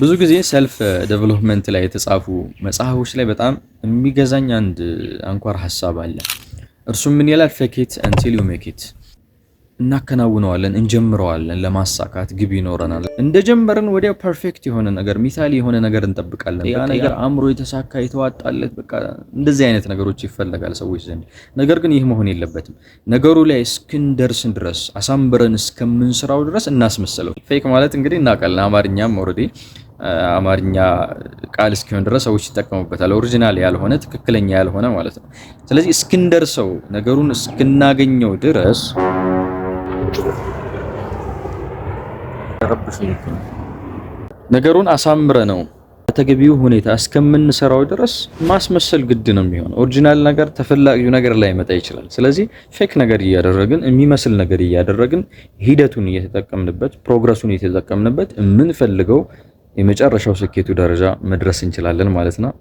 ብዙ ጊዜ ሰልፍ ዴቨሎፕመንት ላይ የተጻፉ መጽሐፎች ላይ በጣም የሚገዛኝ አንድ አንኳር ሀሳብ አለ። እርሱም ምን ይላል? ፌኬት አንቲል ዩ ሜኬት። እናከናውነዋለን፣ እንጀምረዋለን፣ ለማሳካት ግብ ይኖረናል። እንደጀመርን ወዲያ ፐርፌክት የሆነ ነገር ሚታሊ የሆነ ነገር እንጠብቃለን። ያ ነገር አእምሮ የተሳካ የተዋጣለት፣ በቃ እንደዚህ አይነት ነገሮች ይፈለጋል ሰዎች ዘንድ። ነገር ግን ይህ መሆን የለበትም። ነገሩ ላይ እስክንደርስን ድረስ አሳምረን እስከምንስራው ድረስ እናስመስለው። ፌክ ማለት እንግዲህ እናውቃለን፣ አማርኛም ኦልሬዲ አማርኛ ቃል እስኪሆን ድረስ ሰዎች ይጠቀሙበታል። ኦሪጂናል ያልሆነ ትክክለኛ ያልሆነ ማለት ነው። ስለዚህ እስክንደርሰው ነገሩን እስክናገኘው ድረስ ነገሩን አሳምረ ነው በተገቢው ሁኔታ እስከምንሰራው ድረስ ማስመሰል ግድ ነው የሚሆነው። ኦሪጂናል ነገር ተፈላጊው ነገር ላይ መጣ ይችላል። ስለዚህ ፌክ ነገር እያደረግን የሚመስል ነገር እያደረግን ሂደቱን እየተጠቀምንበት ፕሮግረሱን እየተጠቀምንበት የምንፈልገው የመጨረሻው ስኬቱ ደረጃ መድረስ እንችላለን ማለት ነው።